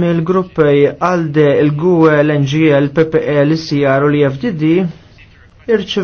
mill-gruppej għalde il-GUE, l-NGL, PPL, e, CR u l-FDD irċive